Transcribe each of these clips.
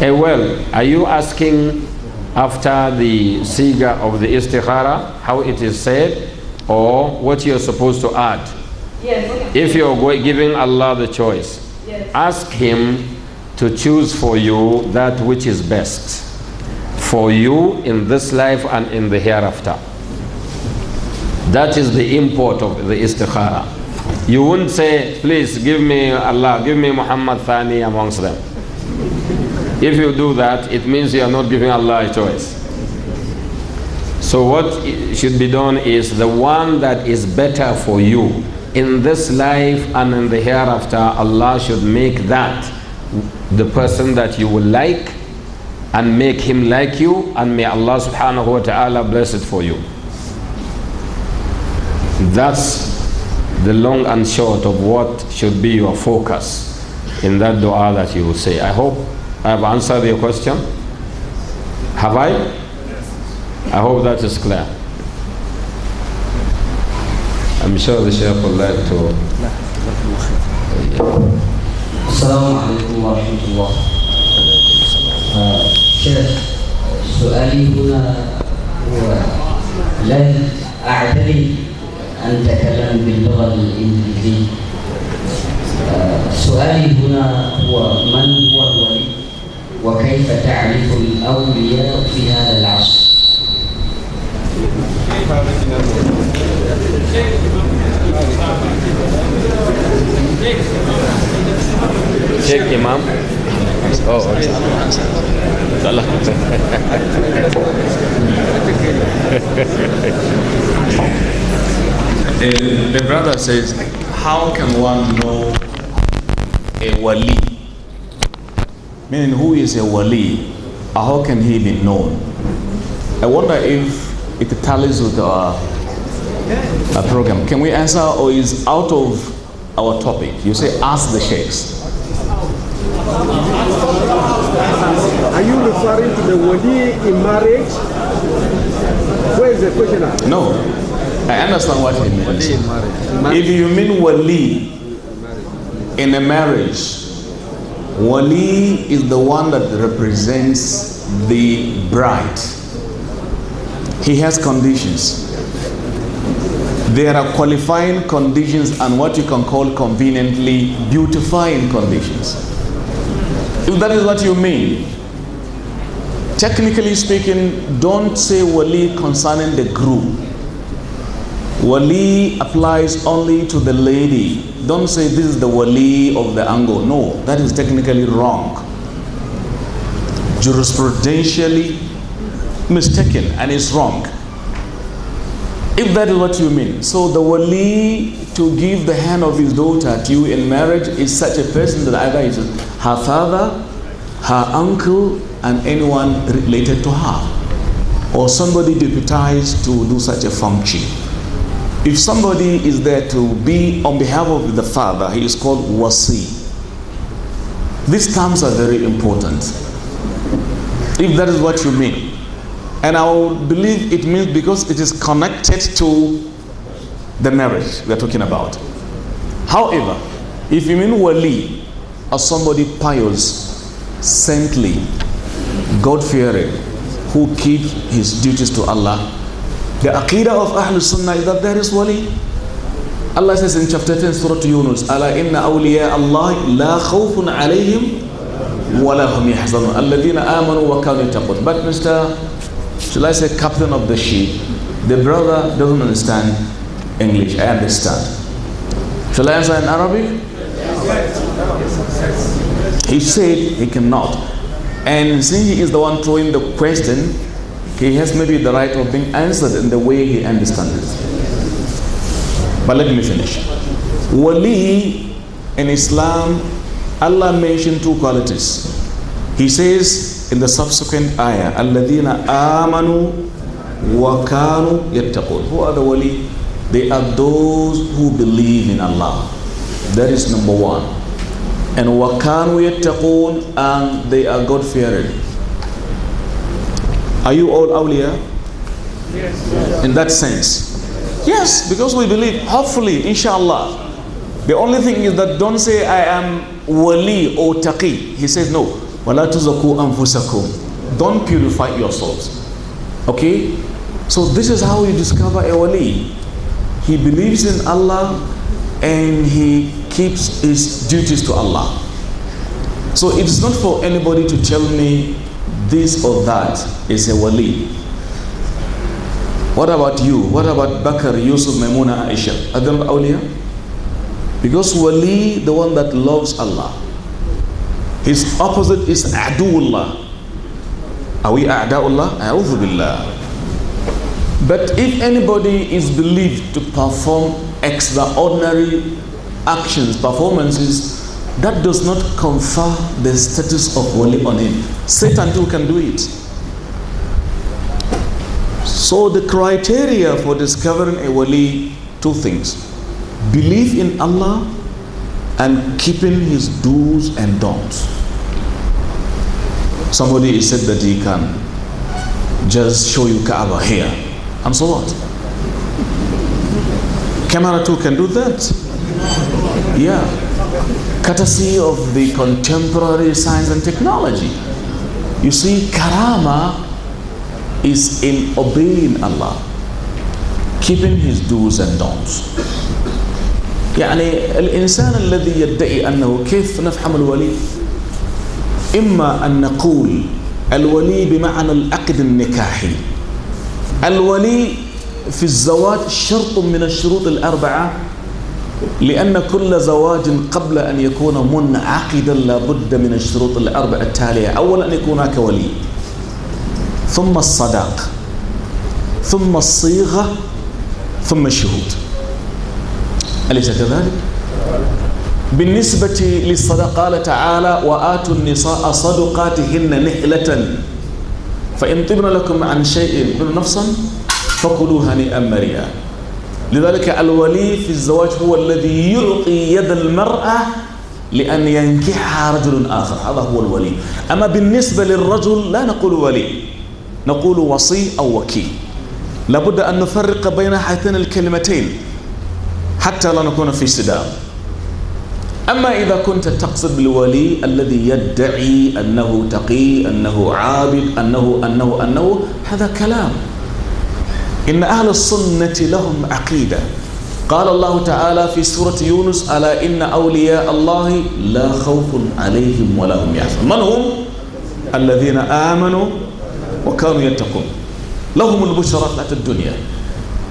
well, are you asking after the siga of the istikhara, how it is said, or what you're supposed to add? Yes. If you're giving Allah the choice, yes. ask Him to choose for you that which is best for you in this life and in the hereafter. That is the import of the istikhara. You wouldn't say, please give me Allah, give me Muhammad Thani amongst them. If you do that, it means you are not giving Allah a choice. So what should be done is the one that is better for you in this life and in the hereafter, Allah should make that the person that you will like and make him like you and may Allah subhanahu wa ta'ala bless it for you. That's the long and short of what should be your focus in that dua that you will say. I hope I've answered your question? Have I? I hope that is clear. I'm sure the Sheikh would like to. السلام عليكم ورحمة الله. شيخ سؤالي هنا هو لن أعتري أن تكلم باللغة الإنجليزية. Uh, سؤالي هنا هو من هو الولي وكيف تعرف الأولياء في هذا العصر شيخ إمام Oh, okay. the brother says, how can one know a wali Meaning, who is a wali? How can he be known? I wonder if it tallies with our, our program. Can we answer, or is out of our topic? You say, ask the sheikhs. Are you referring to the wali in marriage? Where is the questioner? No. I understand what he means. If you mean wali in a marriage, Wali is the one that represents the bride. He has conditions. There are qualifying conditions and what you can call conveniently beautifying conditions. If that is what you mean, technically speaking, don't say wali concerning the groom Wali applies only to the lady. Don't say this is the wali of the angle. No, that is technically wrong. Jurisprudentially mistaken and it's wrong. If that is what you mean. So the wali to give the hand of his daughter to you in marriage is such a person that either is her father, her uncle, and anyone related to her, or somebody deputized to do such a function. If somebody is there to be on behalf of the father, he is called wasi. These terms are very important. If that is what you mean. And I believe it means because it is connected to the marriage we are talking about. However, if you mean wali or somebody pious, saintly, God fearing, who keeps his duties to Allah, the aqidah of Ahlul Sunnah is that there is wali. Allah says in chapter 10, Surah Yunus, Allah inna awliya Allah la khawfun alayhim wa la hum yahzanun. Alladhina amanu wa kanu taqut. But Mr. Shall I say captain of the ship? The brother doesn't understand English. I understand. Shall I answer in Arabic? He said he cannot. And since he is the one throwing the question, he has maybe the right of being answered in the way he understands. But let me finish. Wali in Islam, Allah mentioned two qualities. He says in the subsequent ayah, Alladina amanu wa kanu yattaqun. Who are the wali? They are those who believe in Allah. That is number one. And wa kanu yattaqun, and they are God-fearing. Are you all awliya? Yes. In that sense. Yes, because we believe, hopefully, inshallah. The only thing is that don't say I am wali or taqi. He says no. Don't purify yourselves. Okay? So this is how you discover a wali. He believes in Allah and he keeps his duties to Allah. So it's not for anybody to tell me this or that is a wali. What about you? What about Bakr, Yusuf, Maimuna, Aisha? Are them awliya? Because wali, the one that loves Allah, his opposite is aduullah. Are we a'da'ullah? A'udhu billah. But if anybody is believed to perform extraordinary actions, performances, that does not confer the status of holy on him. Satan too can do it. So the criteria for discovering a wali, two things. Belief in Allah and keeping his do's and don'ts. Somebody said that he can just show you Kaaba here. And so what? Camera too can do that. Yeah. courtesy of the contemporary science and technology. You see, karama is in obeying Allah, keeping His do's and don'ts. يعني الإنسان الذي يدعي أنه كيف نفهم الولي إما أن نقول الولي بمعنى الأقد النكاحي الولي في الزواج شرط من الشروط الأربعة لأن كل زواج قبل أن يكون منعقدا لابد من الشروط الأربع التالية أولا أن يكون هناك ولي ثم الصداق ثم الصيغة ثم الشهود أليس كذلك؟ بالنسبة للصدقة قال تعالى وآتوا النساء صدقاتهن نحلة فإن طبن لكم عن شيء من نفسا فكلوها هنيئا مريئا لذلك الولي في الزواج هو الذي يلقي يد المرأة لأن ينكحها رجل آخر هذا هو الولي أما بالنسبة للرجل لا نقول ولي نقول وصي أو وكيل لابد أن نفرق بين هاتين الكلمتين حتى لا نكون في صدام أما إذا كنت تقصد بالولي الذي يدعي أنه تقي أنه عابد أنه أنه أنه, أنه هذا كلام إن أهل السنة لهم عقيدة قال الله تعالى في سورة يونس ألا إن أولياء الله لا خوف عليهم ولا هم يحزنون من هم؟ الذين آمنوا وكانوا يتقون لهم البشرى في الدنيا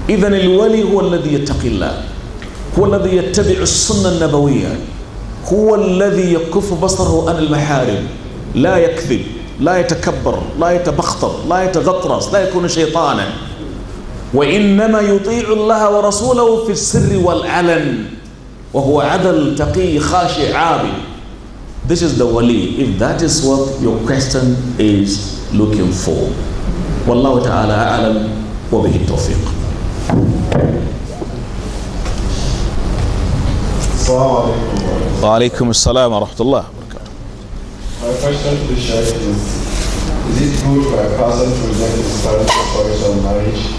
إذا الولي هو الذي يتقي الله هو الذي يتبع السنة النبوية هو الذي يكف بصره عن المحارم لا يكذب لا يتكبر لا يتبختر لا يتغطرس لا يكون شيطانا وإنما يطيع الله ورسوله في السر والعلن وهو عدل تقي خاشع عابد This is the wali if that is what your question is looking for والله تعالى أعلم وبه التوفيق وعليكم السلام ورحمة الله وبركاته My question to the Shaykh is, is it good for a person to reject his parents' authority on marriage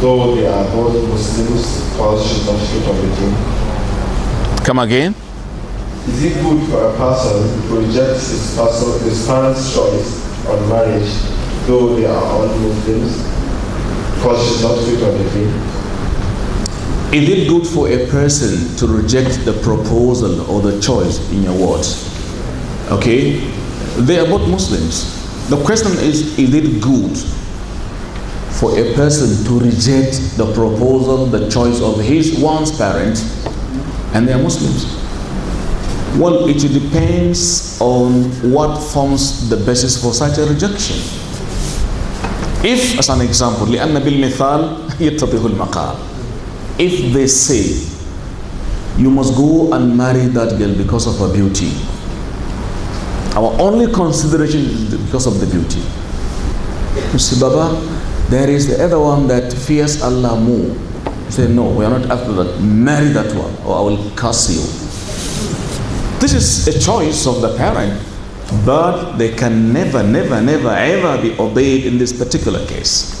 though they are uh, both Muslims, one should not split on between. Come again? Is it good for a person to reject his, person, his parents' choice on marriage, though they are all Muslims? Because she's not fit on the Is it good for a person to reject the proposal or the choice, in your words? Okay? They are both Muslims. The question is, is it good for a person to reject the proposal, the choice of his one's parent, and they are Muslims? Well, it depends on what forms the basis for such a rejection. If, as an example, لأن بالمثال If they say, you must go and marry that girl because of her beauty. Our only consideration is because of the beauty. You see, Baba, there is the other one that fears Allah more. say, no, we are not after that. Marry that one or I will curse you. This is a choice of the parent, but they can never, never, never, ever be obeyed in this particular case.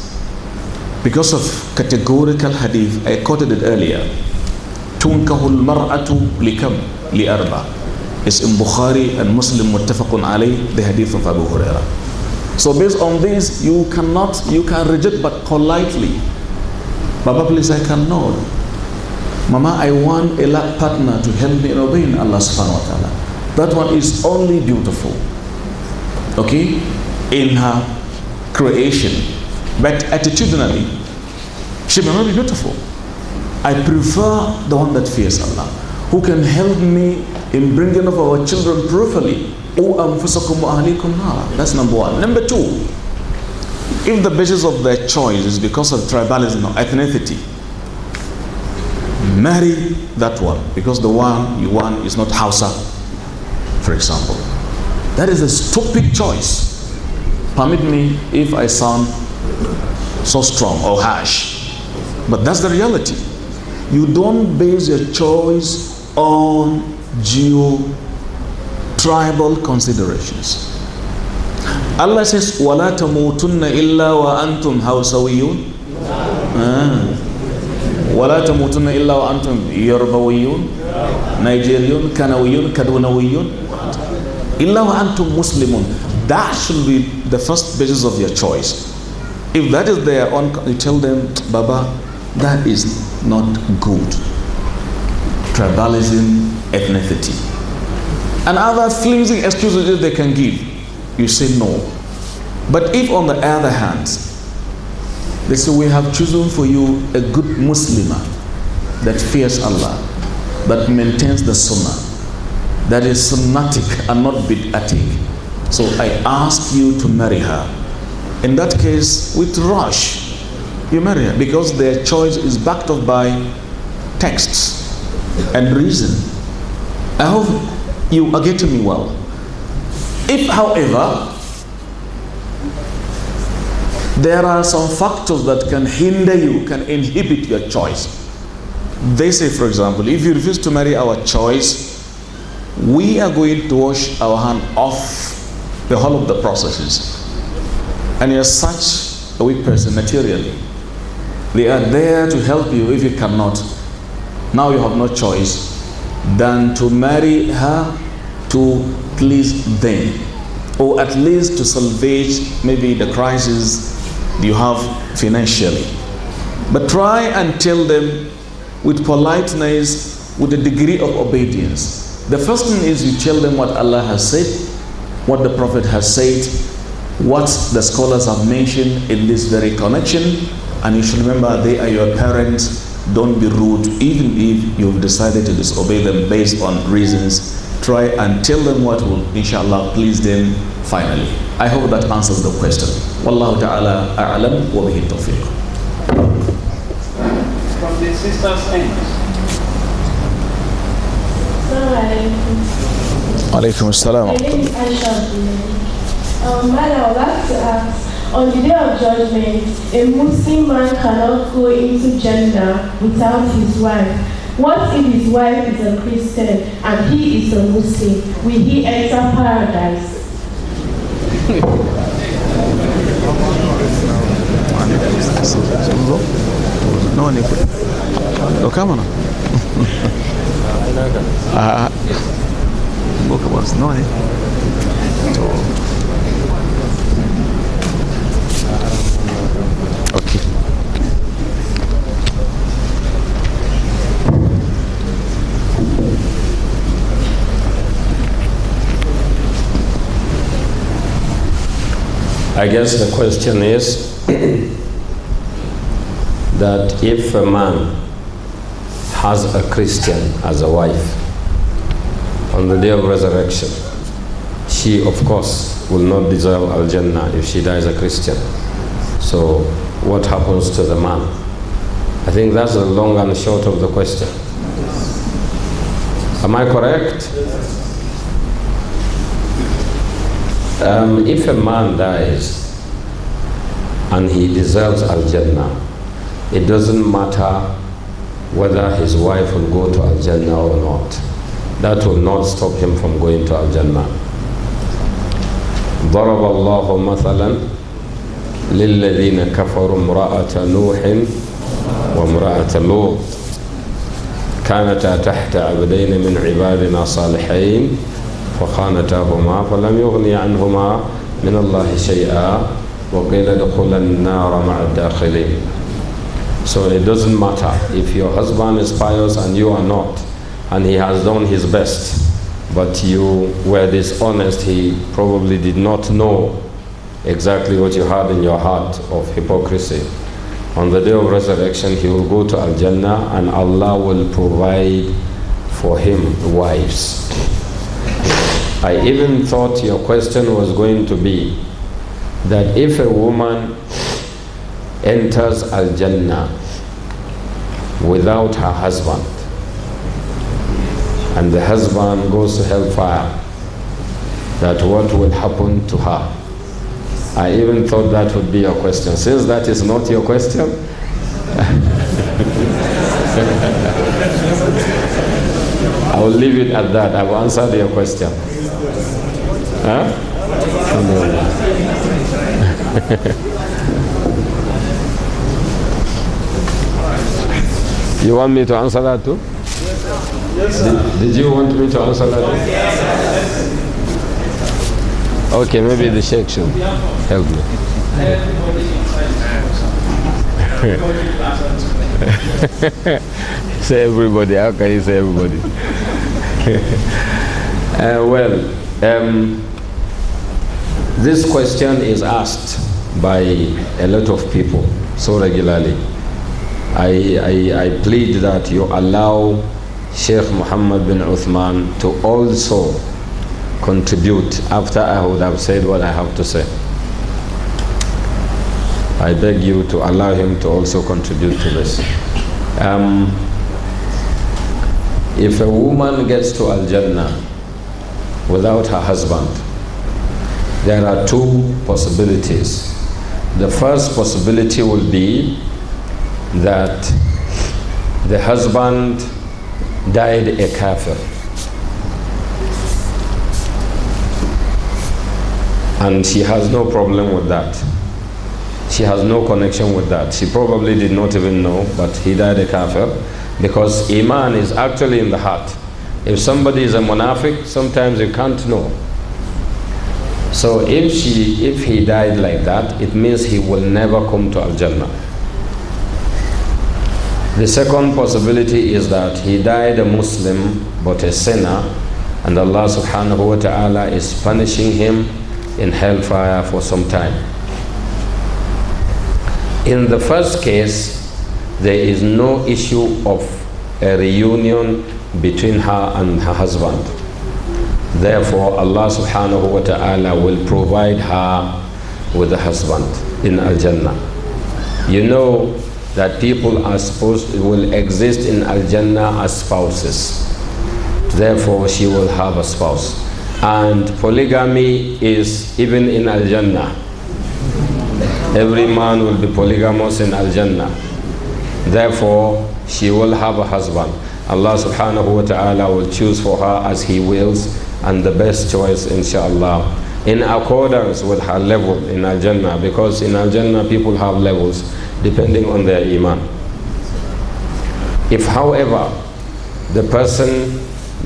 Because of categorical hadith, I quoted it earlier. تنكه المرأة لكم لأربع. It's in Bukhari and Muslim متفق عليه, the hadith of Abu Hurairah. So based on this, you cannot, you can reject but politely. Baba, please, I cannot. Mama, I want a lab partner to help me in obeying Allah subhanahu wa ta'ala. That one is only beautiful. Okay? In her creation. But attitudinally, she may not be beautiful. I prefer the one that fears Allah, who can help me in bringing up our children properly أنفسكم وأهليكم نارا That's number one. Number two, if the basis of their choice is because of tribalism or ethnicity, marry that one because the one you want is not Hausa, for example. That is a stupid choice. Permit me if I sound so strong or harsh, but that's the reality. You don't base your choice on geo tribal considerations. Allah says, وَلَا تَمُوتُنَّ إِلَّا وَأَنْتُمْ هَوْسَوِيُّونَ ah. ولا تموتن إلا وأنتم يربويون نيجيريون كنويون كدونويون إلا وأنتم مسلمون that should be the first basis of your choice if that is their own you tell them Baba that is not good tribalism ethnicity and other flimsy excuses they can give, you say no. But if, on the other hand, they say, We have chosen for you a good Muslimah that fears Allah, that maintains the Sunnah, that is sunnatic and not bid'atic. So I ask you to marry her. In that case, with rush, you marry her because their choice is backed up by texts and reason. I hope you are getting me well. If, however, there are some factors that can hinder you, can inhibit your choice. They say, for example, if you refuse to marry our choice, we are going to wash our hand off the whole of the processes. And you're such a weak person materially. They are there to help you if you cannot. Now you have no choice than to marry her to please them or at least to salvage maybe the crisis you have financially. But try and tell them with politeness, with a degree of obedience. The first thing is you tell them what Allah has said, what the Prophet has said, what the scholars have mentioned in this very connection, and you should remember they are your parents don't be rude, even if you've decided to disobey them based on reasons. Try and tell them what will, inshallah, please them finally. I hope that answers the question. Wallahu ta'ala a'lam wa bihi tawfiq. From the sister's end. Alaykum assalam. My name is Aisha. Um, I would like to ask on the day of judgment, a Muslim man cannot go into Jannah without his wife. What if his wife is a Christian and he is a Muslim? Will he enter paradise? No one Oh, come on. Ah, ah, book was no eh? one. I guess the question is that if a man has a Christian as a wife on the day of resurrection, she, of course, will not deserve Al Jannah if she dies a Christian. So, what happens to the man? I think that's the long and short of the question. Am I correct? Yes. Um, if a man dies and he deserves Al Jannah, it doesn't matter whether his wife will go to Al Jannah or not. That will not stop him from going to Al Jannah. ضرب الله مثلا للذين كفروا امرأة نوح وامرأة لوط كانتا تحت عبدين من عبادنا صالحين فلم يغني عنهما من الله شيئا وقيل ادخلا النار مع الداخلين so it doesn't matter if your husband is pious and you are not and he has done his best but you were dishonest he probably did not know exactly what you had in your heart of hypocrisy on the day of resurrection he will go to al-jannah and allah will provide for him wives I even thought your question was going to be that if a woman enters Al Jannah without her husband, and the husband goes to hellfire, that what will happen to her? I even thought that would be your question. Since that is not your question, i will leave it at that. I've answered your question. Huh? you want me to answer that too? Yes, did, did, you want me to answer that? Yes, okay, maybe the Sheikh should help me. say everybody. How can you say everybody? uh, well, um, this question is asked by a lot of people so regularly. I, I, I plead that you allow Sheikh Muhammad bin Uthman to also contribute after I would have said what I have to say. I beg you to allow him to also contribute to this. Um, if a woman gets to Al Jannah without her husband, there are two possibilities. The first possibility will be that the husband died a kafir. And she has no problem with that. She has no connection with that. She probably did not even know, but he died a kafir because Iman is actually in the heart. If somebody is a munafiq, sometimes you can't know. So if she, if he died like that, it means he will never come to Al Jannah. The second possibility is that he died a Muslim but a sinner, and Allah subhanahu wa ta'ala is punishing him in hellfire for some time. In the first case, there is no issue of a reunion between her and her husband. Therefore, Allah subhanahu wa ta'ala will provide her with a husband in Al Jannah. You know that people are supposed to, will exist in Al Jannah as spouses. Therefore, she will have a spouse. And polygamy is even in Al Jannah. Every man will be polygamous in Al Jannah. Therefore, she will have a husband. Allah subhanahu wa ta'ala will choose for her as He wills and the best choice, inshallah, in accordance with her level in Al Jannah, because in Al Jannah people have levels depending on their Iman. If, however, the person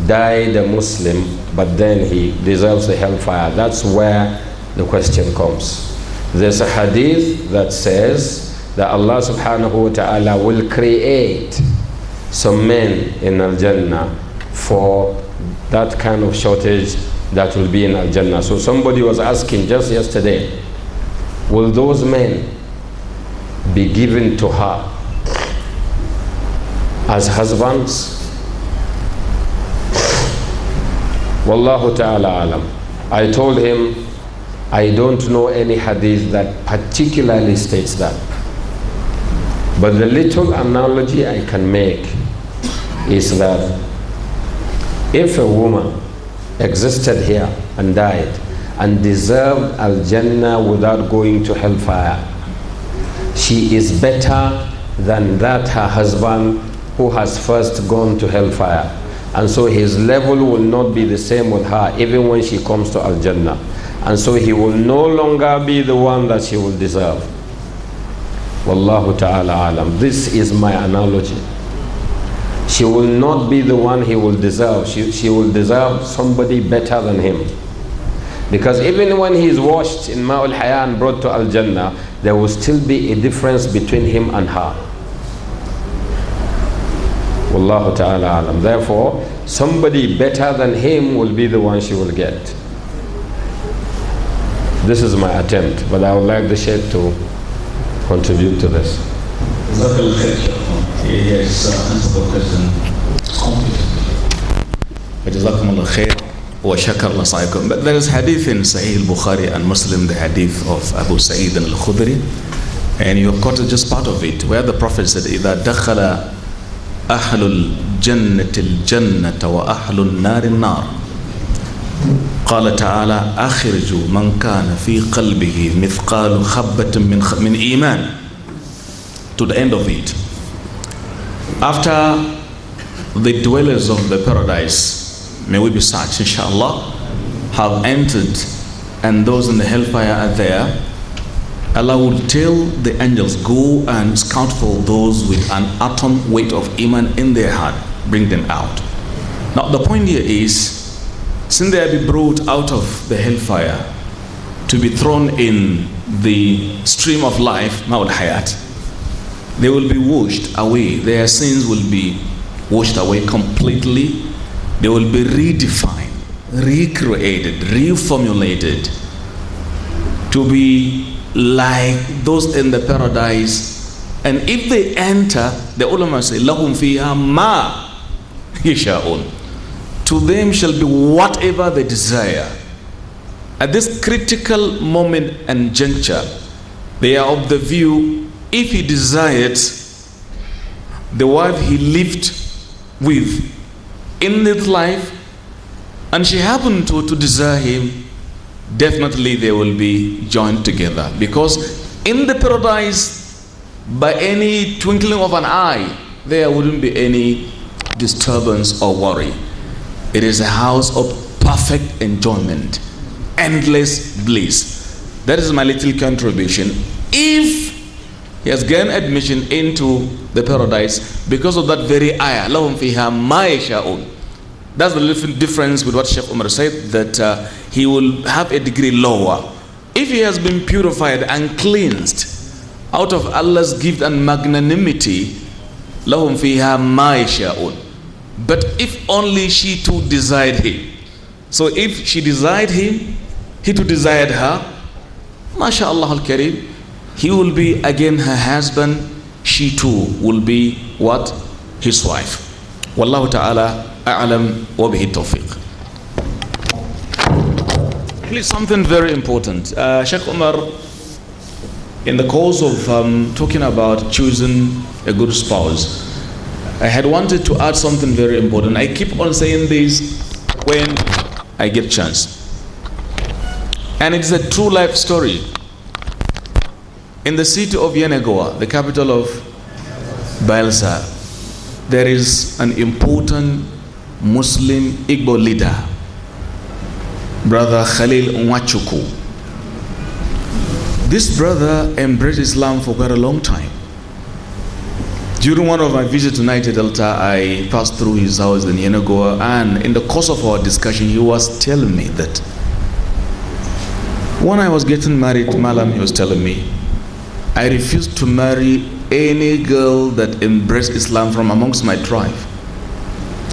died a Muslim, but then he deserves the hellfire, that's where the question comes. There's a hadith that says, that Allah subhanahu wa ta'ala will create some men in Al Jannah for that kind of shortage that will be in Al Jannah. So somebody was asking just yesterday, will those men be given to her as husbands? Wallahu ta'ala alam. I told him, I don't know any hadith that particularly states that. But the little analogy I can make is that if a woman existed here and died and deserved Al Jannah without going to hellfire, she is better than that her husband who has first gone to hellfire. And so his level will not be the same with her even when she comes to Al Jannah. And so he will no longer be the one that she will deserve. Wallahu ta'ala alam. This is my analogy. She will not be the one he will deserve. She, she will deserve somebody better than him. Because even when he is washed in Ma'ul Haya and brought to Al Jannah, there will still be a difference between him and her. Wallahu ta'ala alam. Therefore, somebody better than him will be the one she will get. This is my attempt, but I would like the Shaykh to contribute to this? Yes, answer the question completely. جزاكم الله خير وشكر لصائكم. But there is hadith in Sahih al-Bukhari and Muslim, the hadith of Abu Sa'id al-Khudri. And you have quoted just part of it, where the Prophet said, إذا دخل أهل الجنة الجنة وأهل النار النار. قال تعالى آخرج من كان في قلبه مثقال خبة من, من إيمان to the end of it after the dwellers of the paradise may we be such inshallah have entered and those in the hellfire are there Allah will tell the angels go and scout for those with an atom weight of iman in their heart bring them out now the point here is since they be brought out of the hellfire to be thrown in the stream of life, Ma'ul Hayat, they will be washed away. Their sins will be washed away completely. They will be redefined, recreated, reformulated to be like those in the paradise. And if they enter, the ulama say, "Lāhum fiya ma yishā'ūn." to them shall be whatever they desire. At this critical moment and juncture, they are of the view if he desired the wife he lived with in this life and she happened to, to desire him, definitely they will be joined together. Because in the paradise, by any twinkling of an eye, there wouldn't be any disturbance or worry. It is a house of perfect enjoyment, endless bliss. That is my little contribution. If he has gained admission into the paradise because of that very ayah, لَهُمْ fiha maishaun. That's the little difference with what Sheikh Umar said, that uh, he will have a degree lower. If he has been purified and cleansed out of Allah's gift and magnanimity, لَهُمْ fiha maishaun. But if only she too desired him. So if she desired him, he too desired her, mashallah al karim, he will be again her husband, she too will be what? His wife. Wallahu ta'ala a'lam wa bihi tawfiq. Please, something very important. Uh, Sheikh Umar, in the course of um, talking about choosing a good spouse, I had wanted to add something very important. I keep on saying this when I get chance. And it's a true life story. In the city of Yenegoa, the capital of Bielsa, there is an important Muslim Igbo leader, Brother Khalil Nwachuku. This brother embraced Islam for quite a long time. During one of my visits to United Delta, I passed through his house in Yenagoa, and in the course of our discussion, he was telling me that when I was getting married, Malam, he was telling me, I refused to marry any girl that embraced Islam from amongst my tribe.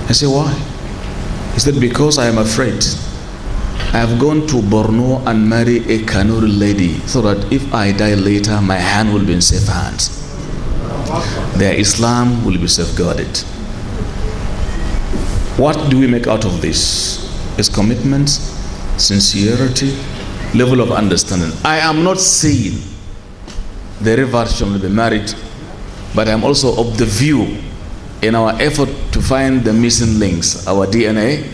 I said, why? He said, because I am afraid. I have gone to Borno and marry a Kanuri lady so that if I die later, my hand will be in safe hands their Islam will be safeguarded. What do we make out of this? Is commitment, sincerity, level of understanding. I am not saying the reverse of be married, but I'm also of the view in our effort to find the missing links, our DNA.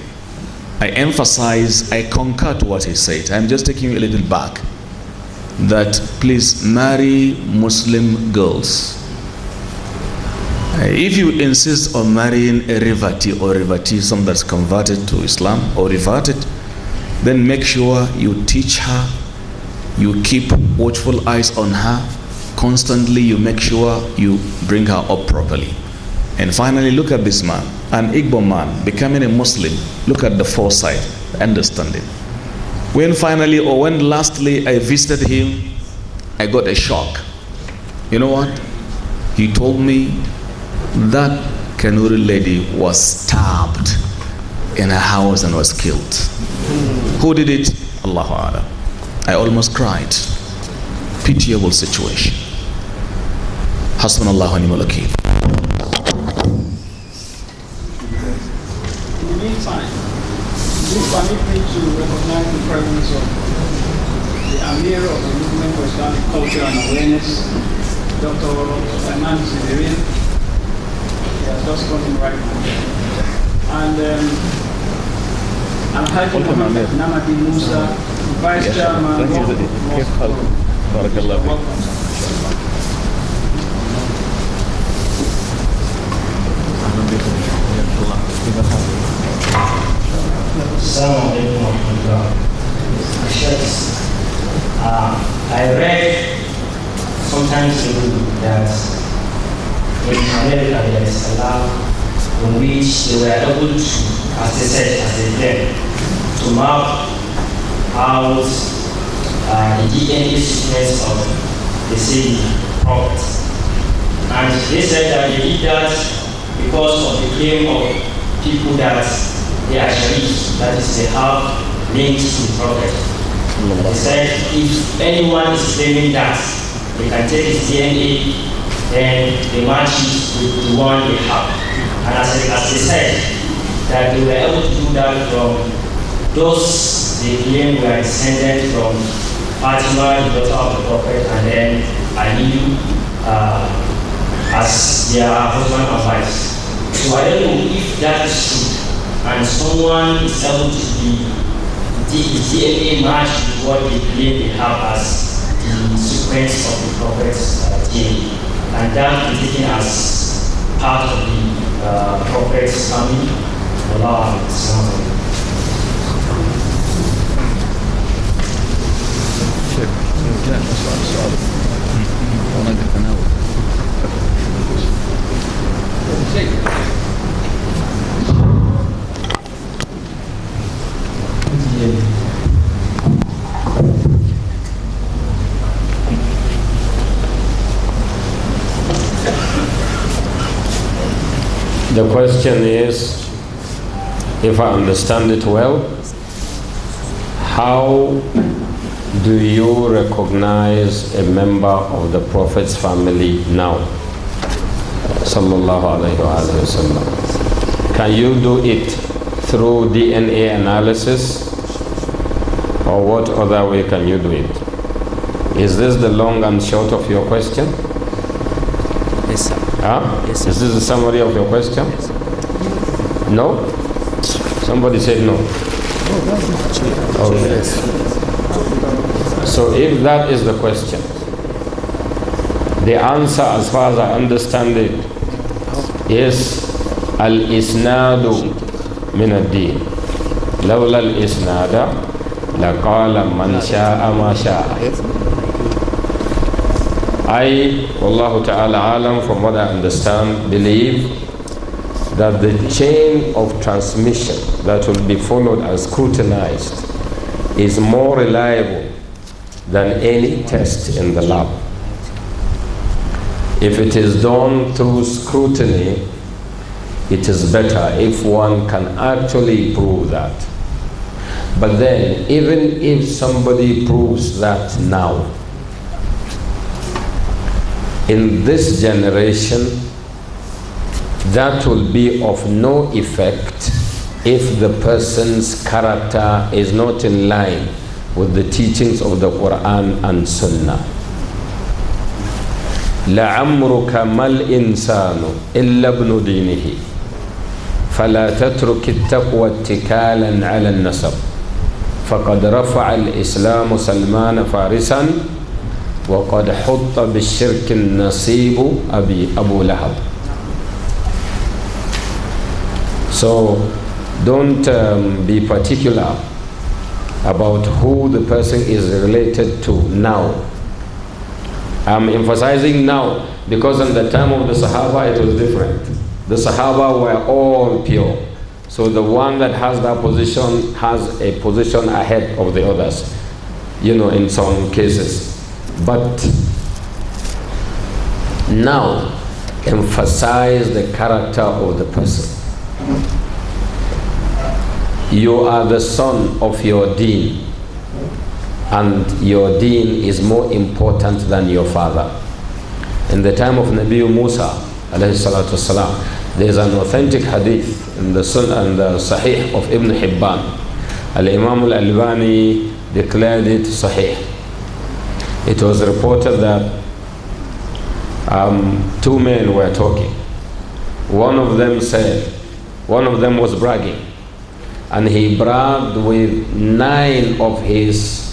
I emphasize, I concur to what he said. I'm just taking you a little back that please marry Muslim girls if you insist on marrying a rivati or rivati, someone that's converted to Islam or reverted, then make sure you teach her, you keep watchful eyes on her, constantly you make sure you bring her up properly. And finally, look at this man, an Igbo man becoming a Muslim. Look at the foresight, understanding. When finally, or when lastly, I visited him, I got a shock. You know what? He told me that Kanuri lady was stabbed in her house and was killed. Who did it? Allahu Akbar. I almost cried. Pitiable situation. Hasbunallahu wa ni'mal wakeel. Please permit me to recognize the presence of the Amir of the Movement for Islamic Culture and Awareness, Dr. Anand Sidirin, he has just come in right now. And um, I'm Haji Muhammad Namadi Musa, Vice Chairman of the فيك اهلا بكم حياك الله كيف حالك I read sometimes that when America there is a law on which they were able to, as they said, as they did, to map out uh, the DNA sequence of the same prophet. And they said that they did that because of the claim of people that they are that is, they have links to the prophet. They said if anyone is claiming that, they can take his DNA then they match it with the one they have. And as, I, as they said, that they were able to do that from those they claim were descended from Fatima, the daughter of the Prophet, and then Ali uh, as their husband and wife. So I don't know if that is true, and someone is able to be the DNA match with what they claim they have as the sequence of the Prophet's uh, and that is taken as part of the uh, prophet's family. Allah Thank you. The question is, if I understand it well, how do you recognize a member of the Prophet's family now? Sallallahu alayhi wa Can you do it through DNA analysis? Or what other way can you do it? Is this the long and short of your question? Huh? Yes, Is this a summary of your question? Yes, no? Somebody said no. Okay. Oh, so if that is the question, the answer as far as I understand it al من الدين لولا الإسناد لقال من شاء ما شاء I, Allah ta'ala alam, from what I understand, believe that the chain of transmission that will be followed and scrutinized is more reliable than any test in the lab. If it is done through scrutiny, it is better if one can actually prove that. But then, even if somebody proves that now, in this generation, that will be of no effect if the person's character is not in line with the teachings of the Quran and Sunnah. لعمرك ما الإنسان إلا ابن دينه فلا تترك التقوى اتكالا على النسب فقد رفع الإسلام سلمان فارسا وقد حط بالشرك النصيب أبي so don't um, be particular about who the person is related to now I'm emphasizing now because in the time of the Sahaba it was different the Sahaba were all pure so the one that has that position has a position ahead of the others you know in some cases but now emphasize the character of the person. You are the son of your deen, and your deen is more important than your father. In the time of Nabi Musa, والسلام, there is an authentic hadith in the Sunnah and the Sahih of Ibn Hibban. Al Imam Al Albani declared it Sahih it was reported that um, two men were talking. One of them said, one of them was bragging, and he bragged with nine of his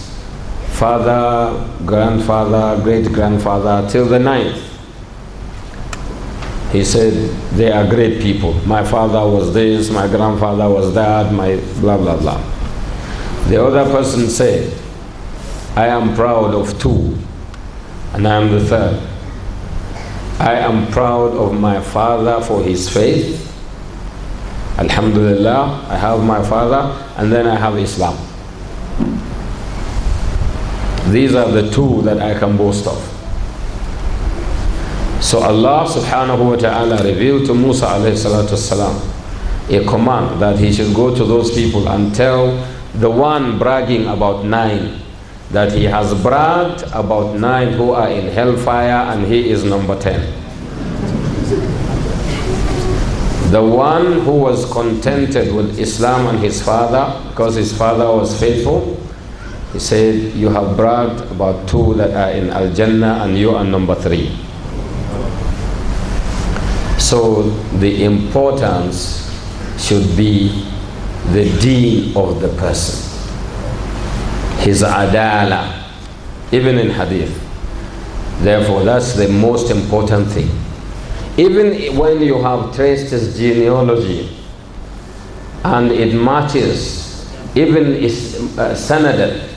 father, grandfather, great grandfather, till the ninth. He said, They are great people. My father was this, my grandfather was that, my blah, blah, blah. The other person said, I am proud of two, and I am the third. I am proud of my father for his faith. Alhamdulillah, I have my father, and then I have Islam. These are the two that I can boast of. So Allah subhanahu wa ta'ala revealed to Musa alayhi salatu salam a command that he should go to those people and tell the one bragging about nine that he has bragged about nine who are in hellfire and he is number 10. The one who was contented with Islam and his father, because his father was faithful, he said, You have bragged about two that are in Al Jannah and you are number three. So the importance should be the deed of the person his adala, even in hadith. Therefore, that's the most important thing. Even when you have traced his genealogy and it matches, even is uh, sanadan,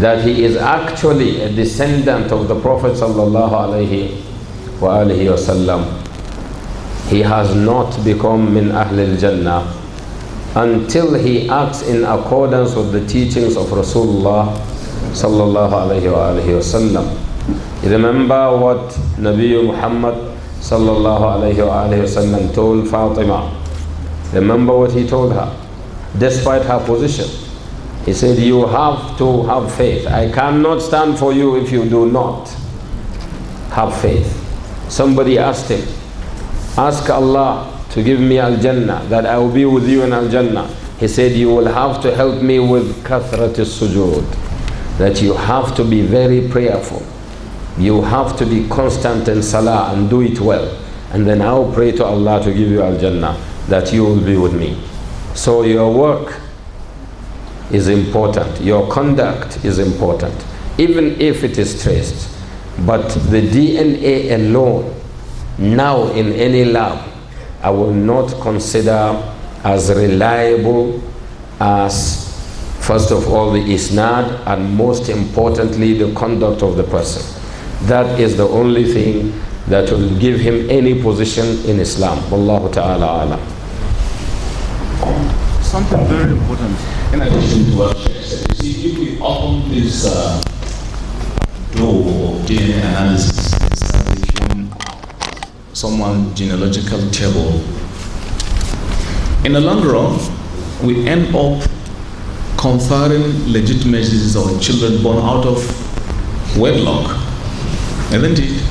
that he is actually a descendant of the Prophet sallallahu alaihi wasallam. He has not become min ahlil jannah until he acts in accordance with the teachings of Rasulullah sallallahu alayhi wa alayhi wasallam. remember what Nabi Muhammad sallallahu alayhi wa alayhi wasallam told Fatima. Remember what he told her, despite her position. He said, You have to have faith. I cannot stand for you if you do not have faith. Somebody asked him, Ask Allah to give me Al Jannah, that I will be with you in Al Jannah. He said, You will have to help me with kathrat sujood, that you have to be very prayerful. You have to be constant in salah and do it well. And then I'll pray to Allah to give you Al Jannah, that you will be with me. So your work is important, your conduct is important, even if it is traced. But the DNA alone, now in any lab, I will not consider as reliable as, first of all, the isnad, and most importantly, the conduct of the person. That is the only thing that will give him any position in Islam. Wallahu ta'ala alam. Something very important in addition to what Sheikh. said. You see, if we open this uh, door of DNA analysis, someone's genealogical table. In the long run, we end up conferring legitimacies on children born out of wedlock, isn't it?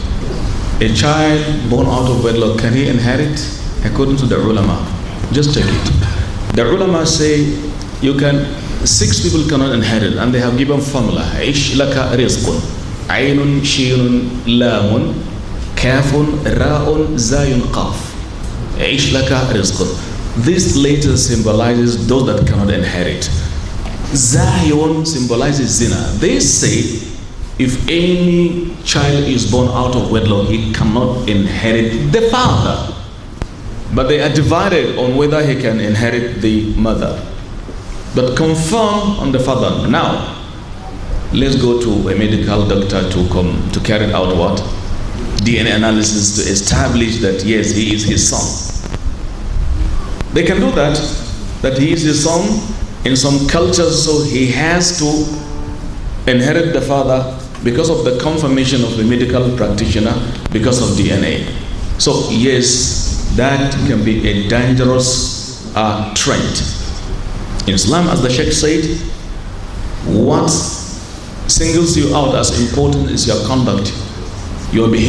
A child born out of wedlock, can he inherit? According to the ulama, just check it. The ulama say you can, six people cannot inherit, and they have given formula. Ish laka rizqun, aynun, shinun, lamun, كاف راء زاي قاف عيش لك رزق This letter symbolizes those that cannot inherit. Zion symbolizes zina. They say if any child is born out of wedlock, he cannot inherit the father. But they are divided on whether he can inherit the mother. But confirm on the father. Now, let's go to a medical doctor to come to carry out what? DNA analysis to establish that yes, he is his son. They can do that, that he is his son in some cultures, so he has to inherit the father because of the confirmation of the medical practitioner because of DNA. So, yes, that can be a dangerous uh, trend. In Islam, as the Sheikh said, what singles you out as important is your conduct, your behavior.